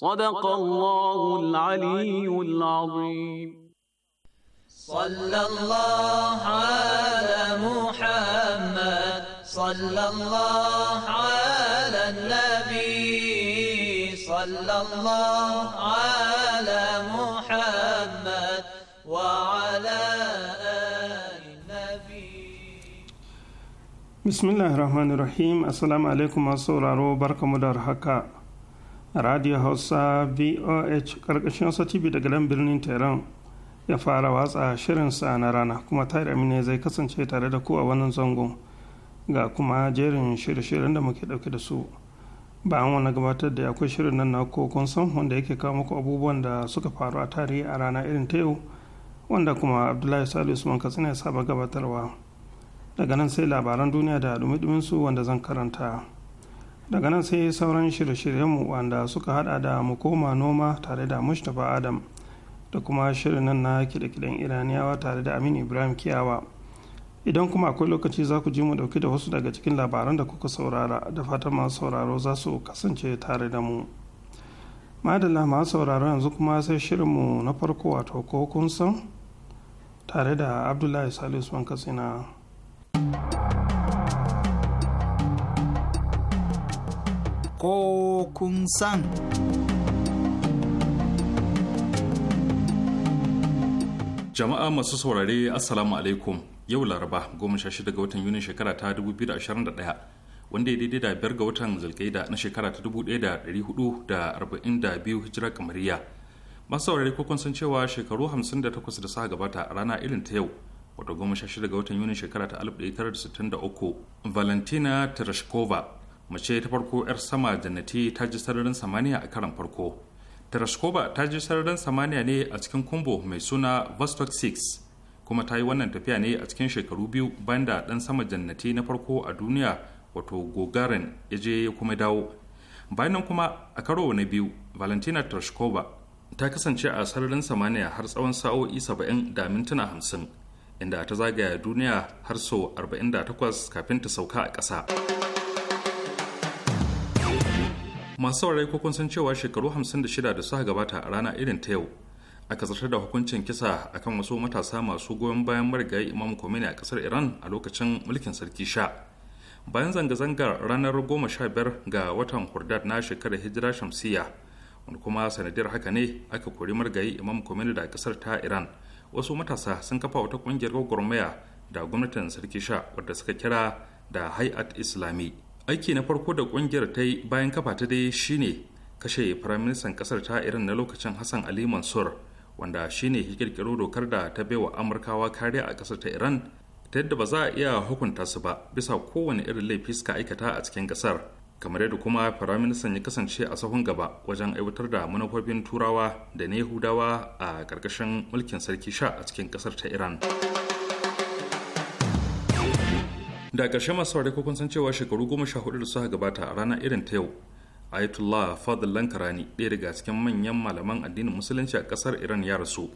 صدق الله العلي العظيم صلى الله على محمد صلى الله على النبي صلى الله على محمد وعلى آل النبي بسم الله الرحمن الرحيم السلام عليكم ورحمة الله وبركاته radio hausa voh karkashin hausa tv daga nan birnin tehran ya fara watsa shirinsa na rana kuma tare ne zai kasance tare da ku a wannan zangon ga kuma jerin shirye-shiryen da muke dauke da su bayan wani gabatar da akwai shirin nan na kokon san wanda yake kawo muku abubuwan da suka faru a tarihi a rana irin ta yau wanda kuma abdullahi salisu usman katsina ya saba gabatarwa daga nan sai labaran duniya da dumi su wanda zan karanta daga nan sai sauran shirye-shiryenmu wanda suka hada da mu koma noma tare da mustapha adam da kuma shirin nan na kide-kiden iraniyawa tare da amin ibrahim kiyawa idan kuma akwai lokaci za ku ji mu dauki da wasu daga cikin labaran da kuka saurara da fata masu sauraro za su kasance tare da mu madalla masu sauraro yanzu kuma sai mu na farko wato ko kun san tare da abdullahi salisu katsina. katsina ko kun san. Jama'a masu saurare Assalamu alaikum yau Laraba goma sha ga watan Yunin shekara ta 2021 wanda ya daidai da biyar ga watan zulkaida na shekara ta 1442 hijira kamariya. Masu saurare ko san cewa shekaru 58 da suka gabata a rana irin ta yau wato goma sha shida ga watan Yunin shekara ta 1963 Valentina Tereshkova mace ta farko 'yar sama jannati ta ji sararin samaniya a karan farko tereshkova ta ji sararin samaniya ne a cikin kumbo mai suna vostok 6 kuma ta yi wannan tafiya ne a cikin shekaru biyu bayan da ɗan sama jannati na farko a duniya wato gogarin ya je ya kuma dawo bayan kuma a karo na biyu valentina tereshkova ta kasance a sararin samaniya har tsawon sa'o'i 70 da mintuna 50 inda ta zagaya duniya har sau 48 kafin ta sauka a ƙasa. masu saurari ko kun san cewa shekaru 56 da suka gabata a rana irin ta yau aka zartar da hukuncin kisa akan wasu matasa masu goyon bayan marigayi imam Khomeini a kasar iran a lokacin mulkin sarki sha bayan zanga-zangar ranar 15 ga watan hurdad na shekarar hijira shamsiyya wani kuma sanadiyar haka ne aka kori marigayi imam Khomeini da kasar ta iran wasu matasa sun kafa wata kungiyar gwagwarmaya da gwamnatin sarki sha wadda suka kira da hay'at islami aiki na farko da kungiyar ta yi bayan kafa ta dai shine kashe firaministan kasar ta irin na lokacin hassan ali mansur wanda shine ya dokar da ta baiwa amurkawa kariya a kasar ta iran ta yadda ba za a iya hukunta su ba bisa kowane irin laifi suka aikata a cikin kasar kamar yadda kuma firaministan ya kasance a sahun gaba wajen aiwatar da manufofin turawa da na yahudawa a ƙarƙashin mulkin sarki sha a cikin kasar ta iran da ƙarshe masu saurari ko kun san cewa shekaru goma sha hudu da suka gabata a rana irin ta yau ayatollah fadl lankarani ɗaya daga cikin manyan malaman addinin musulunci a kasar iran ya rasu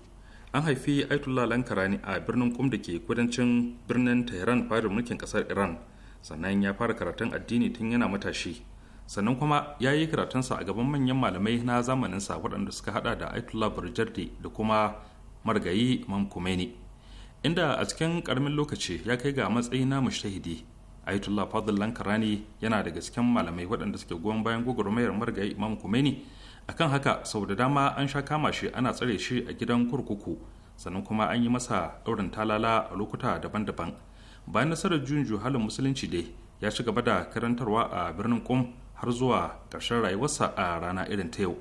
an haifi ayatollah lankarani a birnin kum da ke kudancin birnin tehran fadar mulkin kasar iran sannan ya fara karatun addini tun yana matashi sannan kuma ya yi karatunsa a gaban manyan malamai na zamaninsa waɗanda suka hada da ayatollah burjardi da kuma margayi mamkumeni. inda a cikin karamin lokaci ya kai ga matsayi na mushtahidi ayatollah fadl lankarani yana daga cikin malamai waɗanda suke goyon bayan gwagwarmayar marigayi imam kumeni akan haka sau da dama an sha kama shi ana tsare shi a gidan kurkuku sannan kuma an yi masa ɗaurin talala a lokuta daban-daban bayan nasarar juyin halin musulunci dai ya ci gaba da karantarwa a birnin kum har zuwa ƙarshen rayuwarsa a rana irin ta yau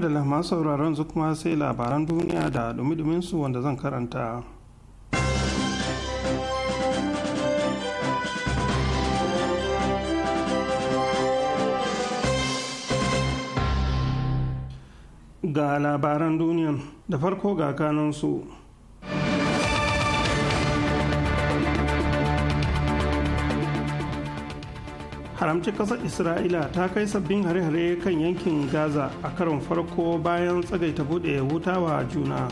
da lahama sauraron su kuma sai labaran duniya da dumi su wanda zan karanta ga labaran duniyan da farko ga kanansu haramci kasar isra'ila ta kai sabbin hare-hare kan yankin gaza a karon farko bayan tsagaita bude wuta wa juna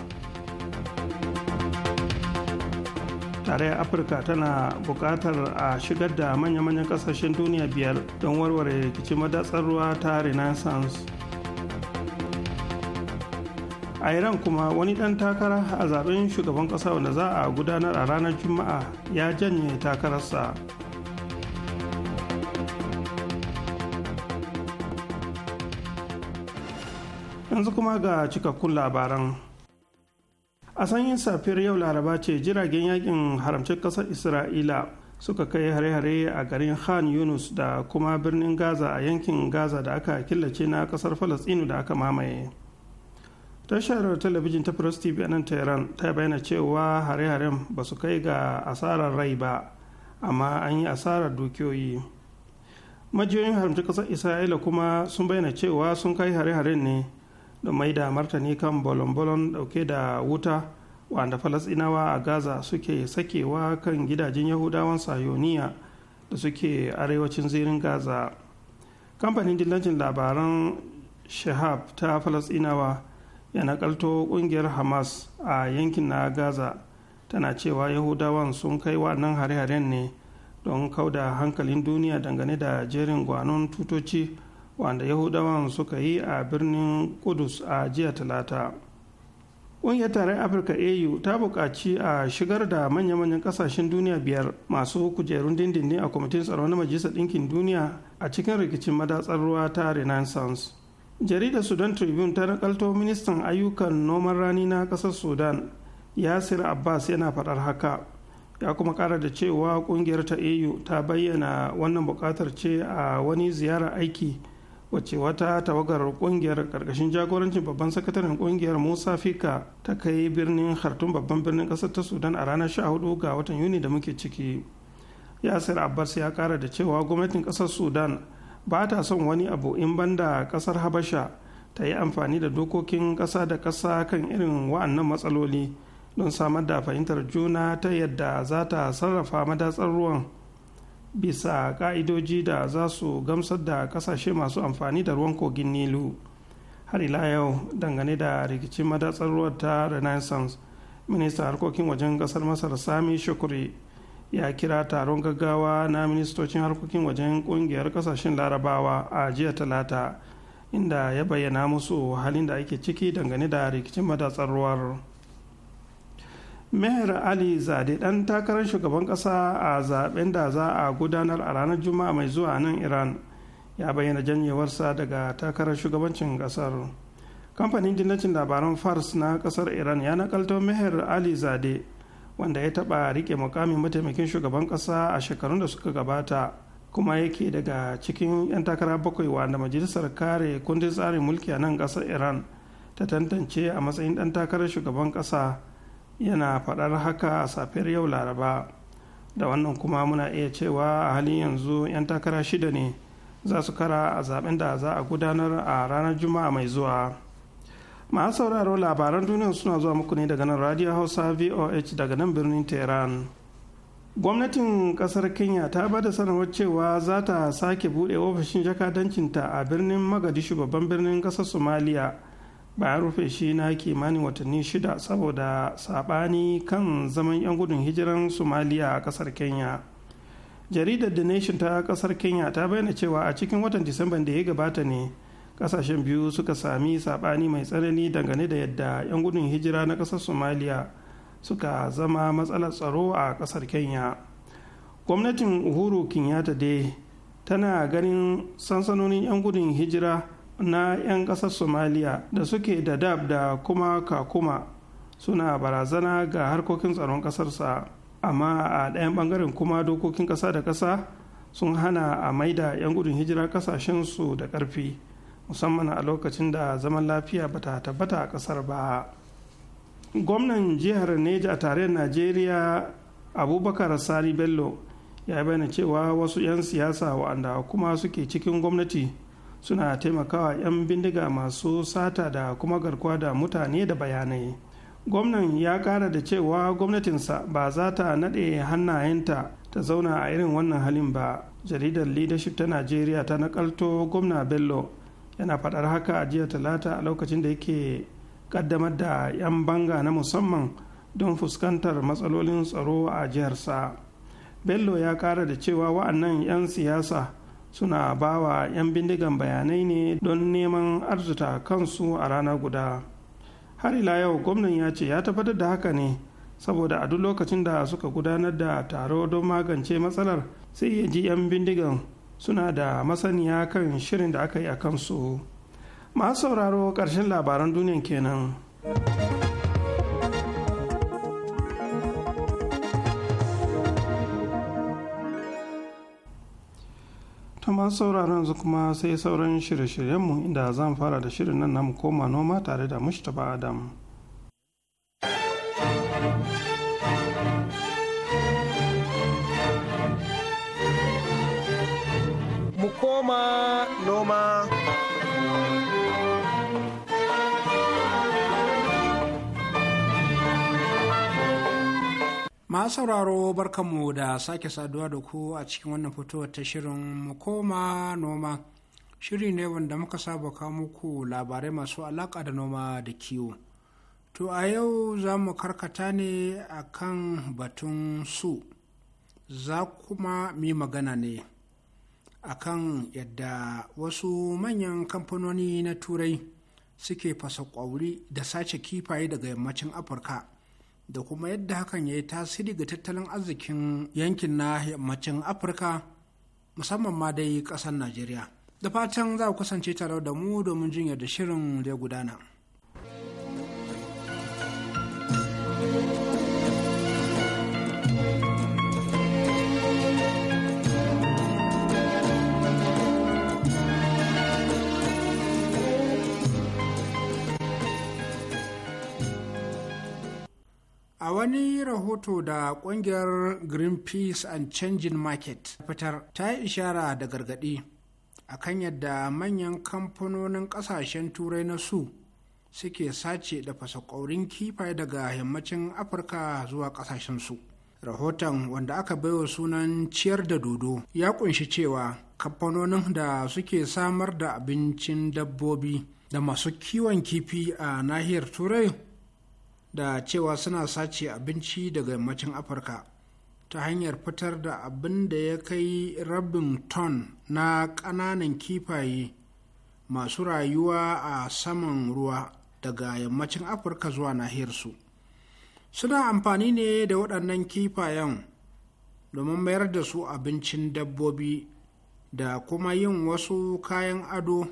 tarayyar afirka tana buƙatar a shigar da manya-manyan ƙasashen duniya biyar don warware rikicin madatsar ruwa ta renaissance a iran kuma wani ɗan takara a zaben shugaban kasa wanda za a gudanar a ranar juma'a ya janye takararsa yanzu kuma ga cikakkun labaran a sanyin safiyar yau laraba ce jiragen yakin haramcin kasar isra'ila suka kai hare-hare a garin khan yunus da kuma birnin gaza a yankin gaza da aka killace na kasar falastinu da aka mamaye tashar talabijin ta press tv nan tehran ta bayyana cewa hare-haren ba su kai ga asarar rai ba amma an yi asarar dukiyoyi majiyoyin haramcin kasar isra'ila kuma sun bayyana cewa sun kai hare-haren ne da mai da martani kan bolon-bolon dauke da wuta wanda falasinawa a gaza suke sakewa kan gidajen yahudawan sayoniya da suke arewacin zirin gaza kamfanin dillancin labaran shahab ta falasinawa ya nakalto kungiyar hamas a yankin na gaza tana cewa yahudawan sun kai nan hare-haren ne don kauda hankalin duniya dangane da jerin gwanon tutoci wanda yahudawan suka yi a birnin kudus a jiya talata ƙungiyar tarayyar afirka au ta buƙaci a shigar da manya-manyan ƙasashen duniya biyar masu kujerun dindindin a kwamitin tsaro na majalisar ɗinkin duniya a cikin rikicin madatsar ruwa ta renaissance jaridar sudan tribune ta nakalto ministan ayyukan noman rani na ƙasar sudan yasir abbas yana faɗar haka ya kuma ƙara da cewa ƙungiyar ta au ta bayyana wannan buƙatar ce a wani ziyara aiki wacce wata tawagar kungiyar karkashin jagorancin babban sakataren kungiyar musa fika ta kai birnin hartun babban birnin kasar ta sudan a ranar 14 ga watan yuni da muke ciki yasir abbas ya kara da cewa gwamnatin kasar sudan ba ta son wani abu in banda kasar habasha ta yi amfani da dokokin kasa da kasa kan irin wa'annan matsaloli don samar da fahimtar juna ta yadda za ta sarrafa madatsar ruwan bisa ka'idoji da za su gamsar da kasashe masu amfani da ruwan kogin nilu har ila yau dangane da rikicin madatsar ruwa ta renaissance Minista harkokin wajen kasar masar sami shukuri ya kira taron gaggawa na ministocin harkokin wajen kungiyar kasashen larabawa a jiya talata inda ya bayyana musu halin da ake ciki dangane da rikicin madatsar ruwar. mehra ali zade dan takarar shugaban kasa a zaben da za a gudanar a ranar juma'a mai zuwa nan iran ya bayyana janyewarsa daga takarar shugabancin kasar kamfanin dinacin labaran fars na kasar iran ya nakalto meher ali zade wanda ya taba rike mukamin mataimakin shugaban kasa a shekarun da suka gabata kuma yake daga cikin 'yan takara bakwai wanda majalisar kare kundin tsarin mulki a nan kasar iran ta tantance a matsayin dan takarar shugaban kasa yana faɗar haka a safiyar yau laraba da wannan kuma muna iya cewa a halin yanzu 'yan takara shida ne za su kara a zaben da za a gudanar a ranar juma'a mai zuwa masu sauraro labaran duniya suna zuwa muku ne daga nan radio hausa voh daga nan birnin tehran gwamnatin kasar kenya ta ba da sanarwar cewa za ta sake buɗe ofishin jakadancinta a birnin magadishu babban birnin ƙasar somalia bayan rufe shi na kimanin watanni shida saboda saɓani kan zaman 'yan gudun hijiran somaliya a ƙasar kenya jaridar the nation ta ƙasar kenya ta bayyana cewa a cikin watan disamban da ya gabata ne ƙasashen biyu suka sami saɓani mai tsanani dangane da yadda 'yan gudun hijira na ƙasar somaliya suka zama matsalar tsaro a ƙasar kenya gwamnatin uhuru kenyatta dai tana ganin sansanonin 'yan gudun hijira na 'yan ƙasar somaliya da suke da dab da kuma kakuma suna barazana ga harkokin tsaron ƙasarsa amma a ɗayan ɓangaren kuma dokokin ƙasa da ƙasa sun hana a maida 'yan gudun hijira ƙasashensu da ƙarfi musamman a lokacin da zaman lafiya bata tabbata a ƙasar ba gwamnan jihar neja a tarayyar najeriya abubakar sari bello ya bayyana cewa wasu 'yan siyasa wa'anda kuma suke cikin gwamnati suna taimakawa 'yan bindiga masu sata da kuma garkuwa da mutane da bayanai gwamnan ya kara da cewa gwamnatinsa ba za ta naɗe hannayenta ta zauna a irin wannan halin ba jaridar leadership ta najeriya ta nakalto gwamna bello yana faɗar haka a jiya talata a lokacin da yake kaddamar da 'yan banga na musamman don fuskantar matsalolin tsaro a jiharsa bello ya kara da cewa wa'annan 'yan siyasa suna bawa 'yan bindigan bayanai ne don neman arzuta kansu a rana guda har ila yau gwamnan ya ce ya tabbatar da haka ne saboda a duk lokacin da suka gudanar da taro don magance matsalar sai ya ji 'yan bindigan suna da masaniya kan shirin da aka yi a kansu masu sauraro ƙarshen labaran duniyan kenan. ma masu sauraron yanzu kuma sai sauran shirye-shiryenmu inda zan fara da shirin nan namu koma noma tare da mustapha adam sauraro barkanmu da sake saduwa da ku a cikin wannan fitowar ta shirin koma noma shiri ne wanda muka saba kawo muku labarai masu alaka da noma da kiwo to a yau za mu karkata ne a kan batun su za kuma mi magana ne a kan yadda wasu manyan kamfanoni na turai suke fasa kwauri da sace kifaye daga yammacin afirka da kuma yadda hakan ya yi tasiri ga tattalin arzikin yankin na yammacin afirka musamman ma dai ƙasar najeriya da fatan za ku kasance tare da mu domin jin da shirin zai gudana. A wani rahoto da ƙungiyar Greenpeace and Changing Market fitar ta yi ishara da gargadi a kan yadda manyan kamfanonin ƙasashen turai na su suke sace da fasakorin kifaye daga yammacin Afirka zuwa ƙasashen su. Rahoton wanda aka baiwa sunan ciyar da dodo ya kunshi cewa kamfanonin da suke samar da abincin dabbobi da masu kiwon kifi a nahiyar turai da cewa suna sace abinci daga yammacin afirka ta hanyar fitar da abin da ya kai rabin ton na ƙananan kifaye masu rayuwa a saman ruwa daga yammacin afirka zuwa nahiyarsu suna amfani ne da waɗannan kifayen domin mayar da su abincin dabbobi da kuma yin wasu kayan ado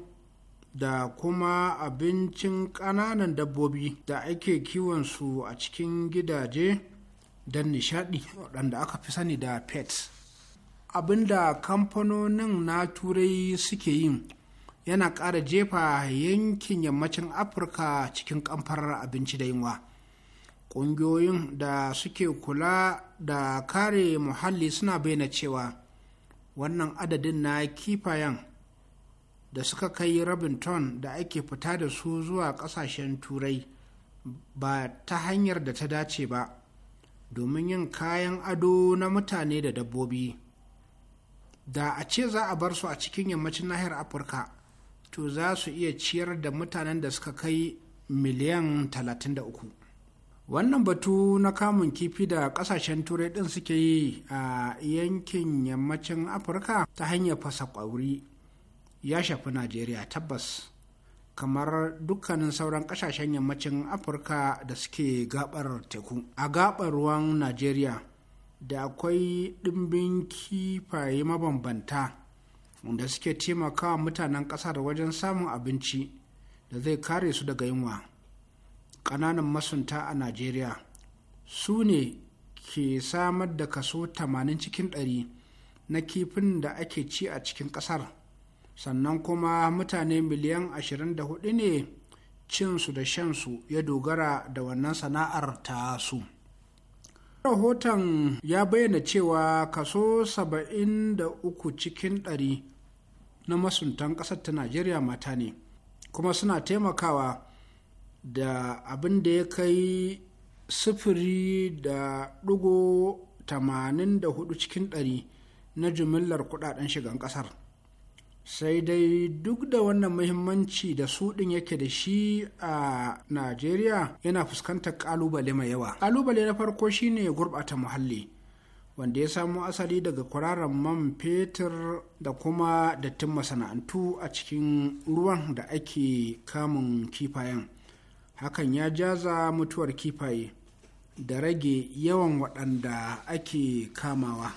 da kuma abincin ƙananan dabbobi da ake kiwonsu a cikin gidaje don nishaɗi waɗanda aka fi sani da pets abinda kamfanonin na turai suke yin yana ƙara jefa yankin yammacin afirka cikin ƙamfarar abinci da yunwa ƙungiyoyin da suke kula da kare muhalli suna bayyana cewa wannan adadin na kifayen da suka kai rabin ton da ake fita da su zuwa ƙasashen turai ba ta hanyar da ta dace ba domin yin kayan ado na mutane da dabbobi da a ce za a bar su a cikin yammacin nahiyar afirka to za su iya ciyar da mutanen da suka kai miliyan 33 wannan batu na kamun kifi da kasashen turai din suke yi a yankin yammacin afirka ta hanyar fasa ƙwauri. ya shafi najeriya tabbas kamar dukkanin sauran kasashen yammacin afirka da suke gabar teku a gabar ruwan najeriya da akwai ɗimbin kifaye mabambanta wanda suke taimakawa mutanen ƙasar wajen samun abinci da zai kare su daga yunwa ƙananan masunta a najeriya su ne ke samar da kaso 80 cikin 100 na kifin da ake ci a cikin ƙasar sannan kuma mutane miliyan 24 ne cinsu da shansu ya dogara da wannan sana'ar ta su rahoton ya bayyana cewa kaso 73 cikin 100 na masuntan ƙasar ta najeriya mata ne kuma suna taimakawa da abin da ya kai sifiri da ɗigo 84 cikin 100 na jimillar kudaden shigan ƙasar sai dai duk da wannan muhimmanci da su ɗin yake da shi a najeriya yana fuskantar kalubale mai yawa kalubale na farko shine gurɓata muhalli wanda ya samo asali daga kwararan man fetur da kuma dattin masana'antu a cikin ruwan da ake kamun kifayen hakan ya jaza mutuwar kifaye da rage yawan waɗanda ake kamawa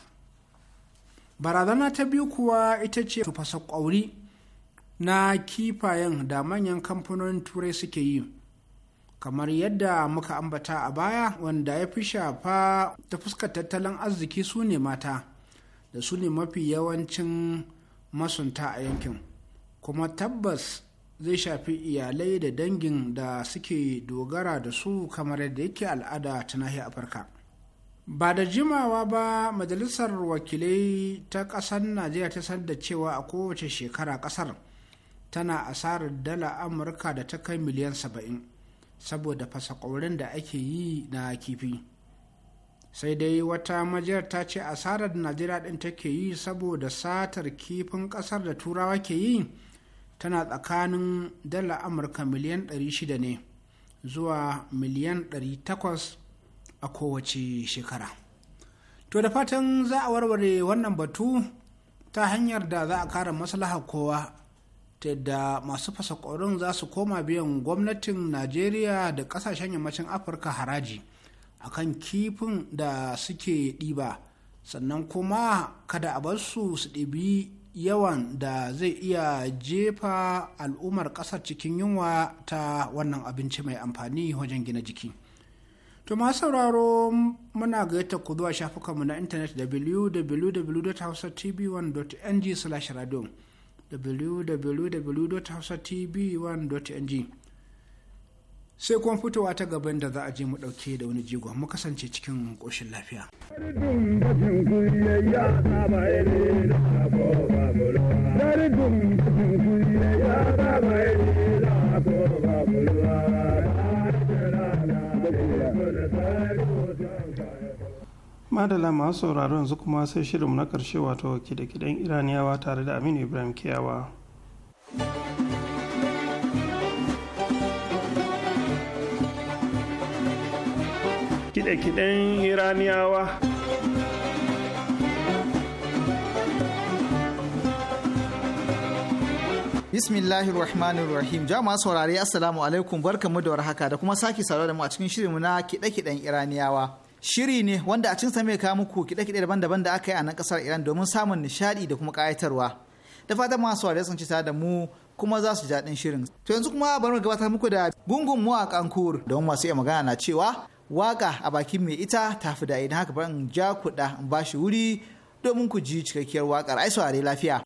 barazana ta biyu kuwa ita ce su fasa ƙwauri na kifayen da manyan kamfanonin turai suke yi kamar yadda muka ambata a baya wanda ya fi shafa ta fuskar tattalin arziki su ne mata da su ne mafi yawancin masunta a yankin kuma tabbas zai shafi iyalai da dangin da suke dogara da su kamar yadda yake al'ada ta nahiyar afirka ba da jimawa ba majalisar wakilai ta ƙasar najeriya ta san da cewa a kowace shekara ƙasar tana asarar dala amurka da ta kai miliyan saba'in saboda fasakorin da ake yi na kifi sai dai wata majiyar ta ce asarar najeriya ɗin take yi saboda satar kifin ƙasar da turawa ke yi tana tsakanin dala amurka miliyan 600 ne zuwa miliyan 800 a kowace shekara to da fatan za a warware wannan batu ta hanyar da za a kare maslaha kowa ta yadda masu fasakorin za su koma biyan gwamnatin najeriya da kasashen yammacin afirka haraji a kan kifin da suke ɗiba sannan kuma kada a bar su su ɗibi yawan da zai iya jefa al'ummar ƙasar cikin yunwa ta wannan abinci mai amfani wajen gina jiki To masu sauraro muna gayyata ku zuwa shafukanmu na intanet www.hausatv1.ng slash radio www.hausatv1.ng sai kuma fitowa ta gaban da za a je mu dauke da wani jigon mu kasance cikin ƙoshin lafiya. Dari dum madala masu sauraro yanzu kuma sai shirinmu na karshe wato kide-kiden iraniyawa tare da aminu ibrahim kiyawa kide-kiden iraniyawa Bismillahir Rahmanir Rahim. Jama'a saurari Assalamu alaikum barkamu da warhaka da kuma sake saurare da mu a cikin shirinmu na kide-kiden Iraniyawa. shiri ne wanda a cinsa mai kawo muku kiɗe-kiɗe daban-daban da aka yi a nan ƙasar Iran domin samun nishaɗi da kuma ƙayatarwa. Da fatan masu wariya sun ci da mu kuma za su ji daɗin shirin. To yanzu kuma bari mu gabatar muku da gungun mawakan kur domin masu iya magana na cewa waka a bakin mai ita ta fi da idan haka bari in ja kuɗa in ba shi wuri domin ku ji cikakkiyar waƙar ai saurare lafiya.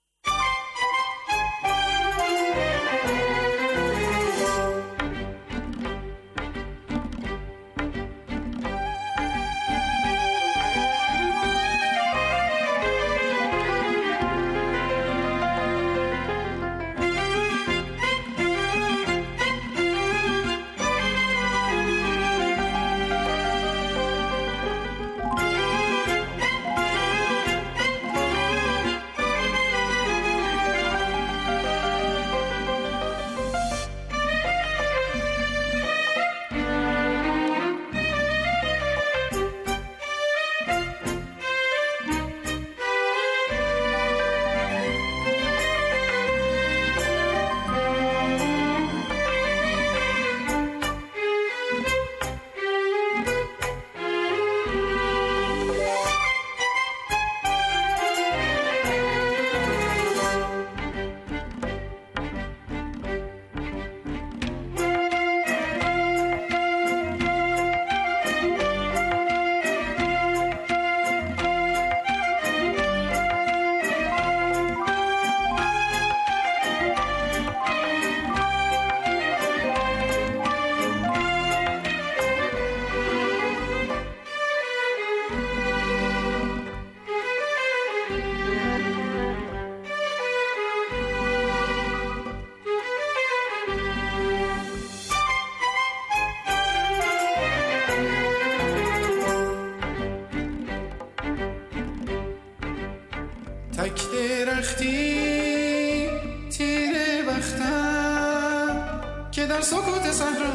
که در سکوت صحرا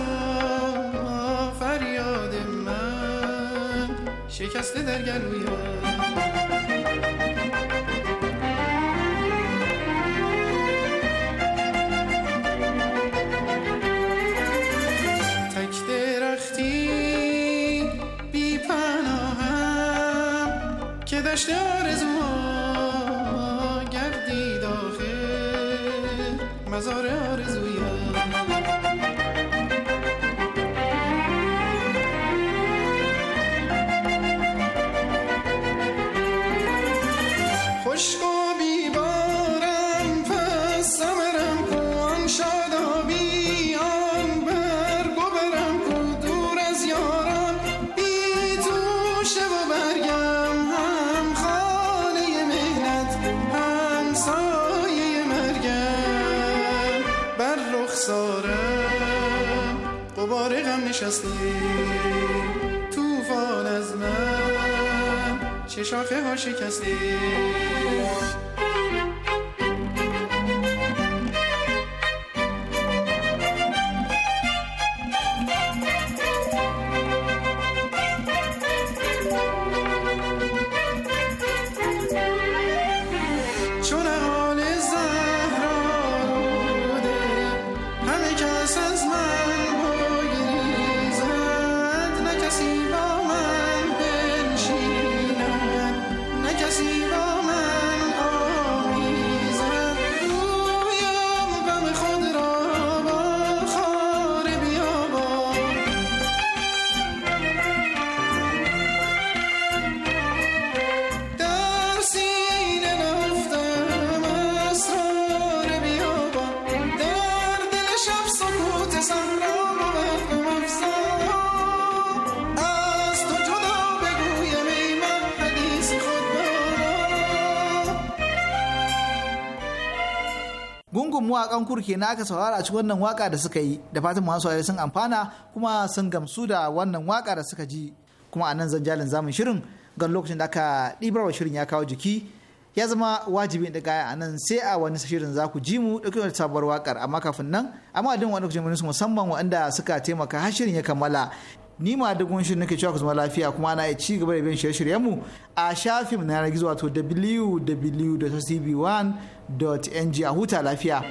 فریاد من شکسته در گلویم دشت ما گردی داخل مزار آرزوی نشستی توفان از من چه شاخه ها شکستی wakan kurke na aka saurara a cikin wannan waka da suka yi da fatan masu saurare sun amfana kuma sun gamsu da wannan waka da suka ji kuma a nan jalin zamun shirin ga lokacin da aka wa shirin ya kawo jiki ya zama wajibi da gaya a nan sai a wani shirin za ku ji mu ɗauki wata sabuwar wakar amma kafin nan amma din wani lokacin musamman waɗanda suka taimaka har shirin ya kammala ni ma duk wani shirin nake cewa ku lafiya kuma na ci gaba da bin shirye-shiryen mu a shafin na yanar gizo wato www.cb1.ng a huta lafiya.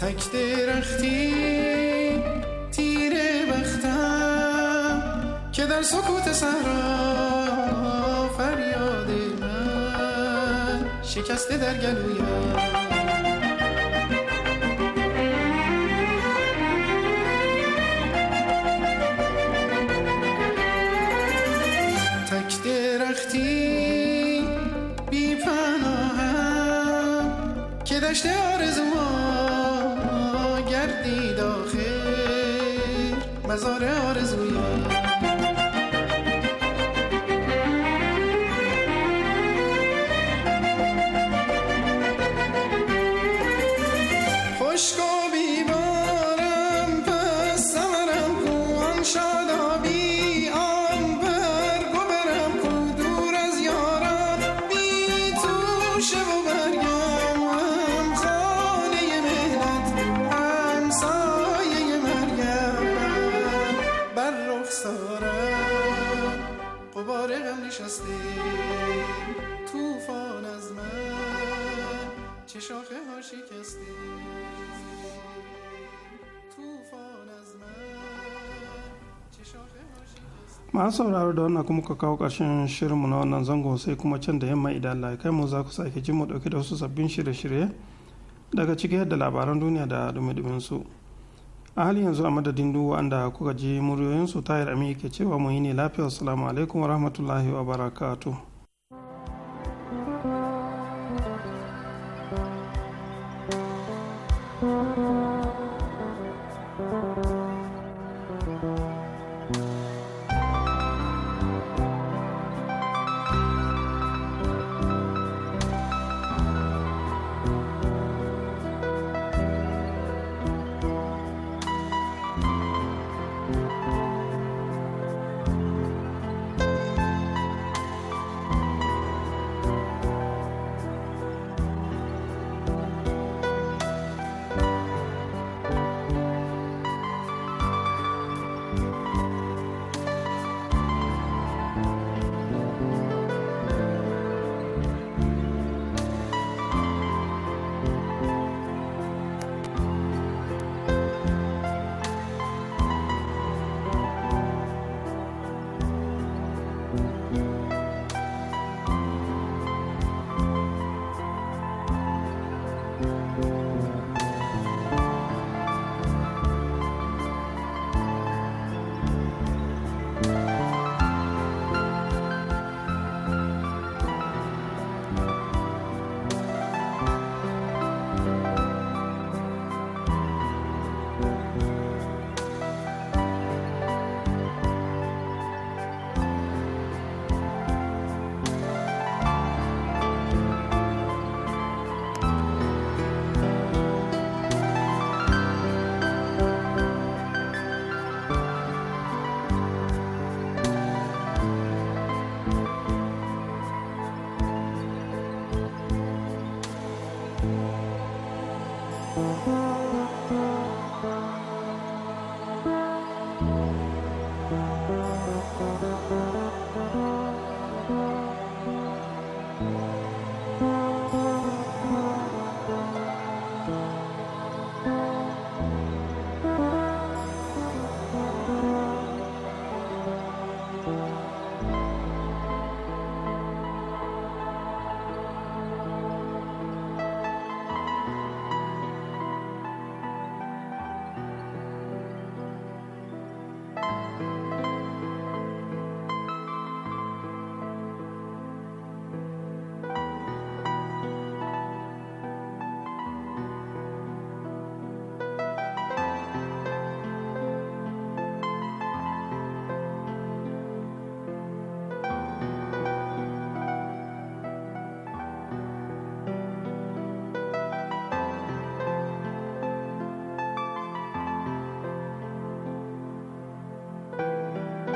تک درختی تیره بختم که در سکوت سهرم شکسته در گلویم masu sauraro da wannan kuma ka kawo ƙarshen shirinmu na wannan zango sai kuma can da yamma idan Allah kai mu za ku sake jin mu dauke da wasu sabbin shirye-shirye daga ciki yadda labaran duniya da dumi su a halin yanzu a madadin duk wanda kuka ji muryoyinsu tayar ami ke cewa mu yi ne lafiya assalamu alaikum wa rahmatullahi wa barakatuh